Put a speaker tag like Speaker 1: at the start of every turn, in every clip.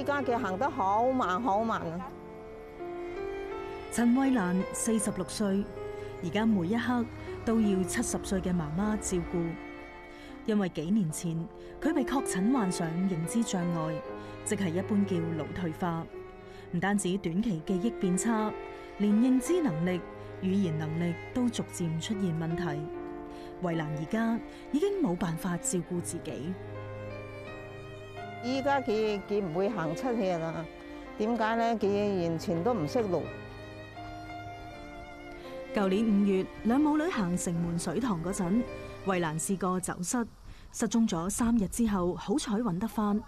Speaker 1: 依家佢行得好慢，好慢
Speaker 2: 啊威！陳慧蘭，四十六歲，而家每一刻都要七十歲嘅媽媽照顧，因為幾年前佢被確診患上認知障礙，即係一般叫腦退化。唔單止短期記憶變差，連認知能力、語言能力都逐漸出現問題。慧蘭而家已經冇辦法照顧自己。依家佢
Speaker 1: 佢唔會行出去啦，點解呢？佢完全都唔識路。
Speaker 2: 舊年五月，兩母女行城門水塘嗰陣，慧蘭試過走失，失蹤咗三日之後，好彩搵得翻。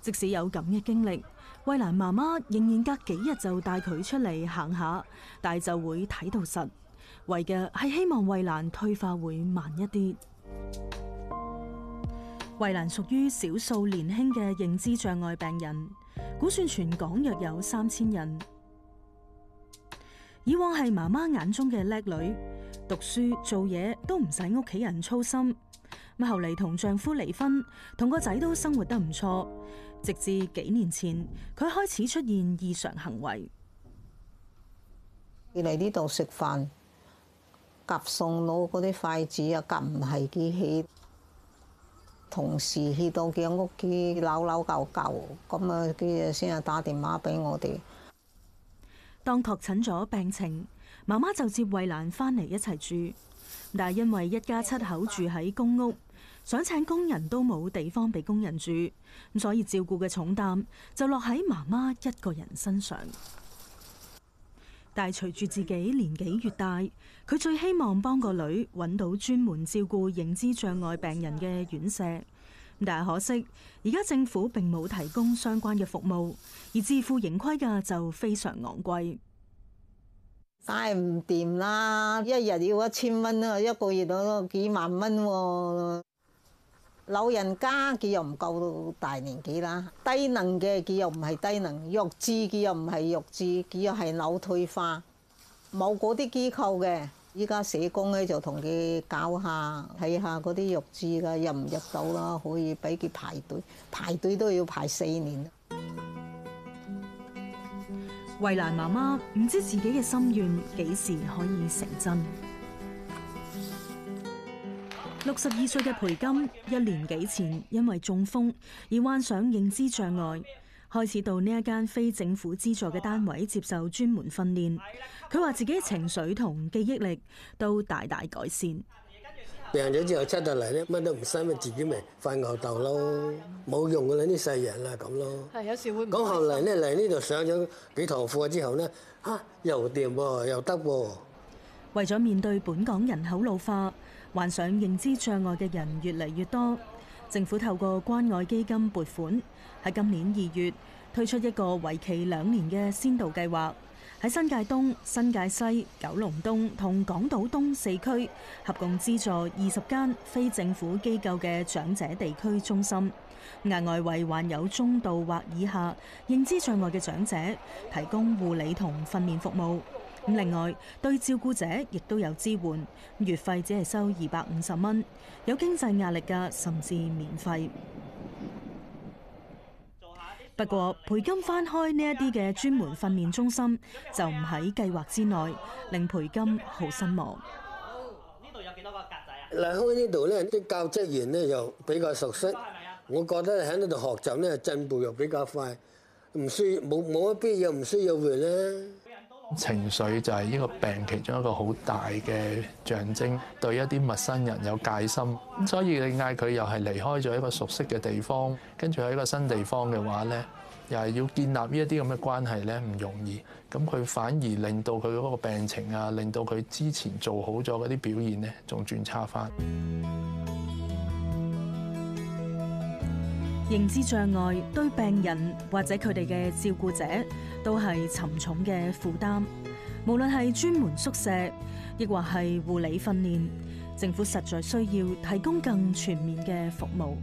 Speaker 2: 即使有咁嘅經歷，慧蘭媽媽仍然隔幾日就帶佢出嚟行下，但就會睇到實，為嘅係希望慧蘭退化會慢一啲。慧蘭屬於少數年輕嘅認知障礙病人，估算全港約有三千人。以往係媽媽眼中嘅叻女，讀書做嘢都唔使屋企人操心。咁後嚟同丈夫離婚，同個仔都生活得唔錯。直至幾年前，佢開始出現異常行為。
Speaker 1: 嚟呢度食飯，夾餸攞嗰啲筷子啊，夾唔係幾起器。同事去到佢屋企，扭扭教教，咁啊，啲嘢先係打電話俾我哋。
Speaker 2: 當確診咗病情，媽媽就接慧蘭返嚟一齊住。但係因為一家七口住喺公屋，想請工人都冇地方俾工人住，咁所以照顧嘅重擔就落喺媽媽一個人身上。但係隨住自己年紀越大，佢最希望幫個女揾到專門照顧認知障礙病人嘅院舍。但係可惜，而家政府並冇提供相關嘅服務，而自負盈虧嘅就非常昂貴。
Speaker 1: 晒
Speaker 2: 唔掂啦！
Speaker 1: 一日要一千蚊啊，一個月都幾萬蚊喎。老人家佢又唔夠大年紀啦，低能嘅佢又唔係低能，弱智佢又唔係弱智，佢又係腦退化，冇嗰啲機構嘅，依家社工咧就同佢搞下，睇下嗰啲弱智嘅入唔入到啦，可以俾佢排隊，排隊都要排四年。
Speaker 2: 慧蘭媽媽唔知自己嘅心願幾時可以成真。六十二歲嘅培金，一年幾前因為中風而患上認知障礙，開始到呢一間非政府資助嘅單位接受專門訓練。佢話自己情緒同記憶力都大大改善。病咗之後出到嚟乜都唔使，咪自己咪發吽哣咯，冇用噶啦，呢世人啦咁咯。係有時會。咁後嚟咧嚟呢度上咗幾堂課之後呢，吓又掂喎，又得喎。為咗面對本港人口老化，患上認知障礙嘅人越嚟越多，政府透過關愛基金撥款，喺今年二月推出一個為期兩年嘅先導計劃，喺新界東、新界西、九龍東同港島東四區合共資助二十間非政府機構嘅長者地區中心，額外為患有中度或以下認知障礙嘅長者提供護理同訓練服務。咁另外對照顧者亦都有支援，月費只係收二百五十蚊，有經濟壓力嘅，甚至免費。不過培金返開呢一啲嘅專門訓練中心就唔喺計劃之內，令培金好失望。嚟開呢度，呢啲教職員呢又比較熟悉，是是我覺得喺呢度學習呢進步又比較快，唔需冇冇乜必要唔需要回咧。
Speaker 1: 情緒就係呢個病其中一個好大嘅象徵，對一啲陌生人有戒心，所以你嗌佢又係離開咗一個熟悉嘅地方，跟住喺一個新地方嘅話呢，又係要建立呢一啲咁嘅關係呢，唔容易。咁佢反而令到佢嗰個病情啊，令到佢之前做好咗嗰啲表現呢，仲轉差翻。
Speaker 2: 認知障礙對病人或者佢哋嘅照顧者，都係沉重嘅負擔，無論係專門宿舍，亦或係護理訓練，政府實在需要提供更全面嘅服務。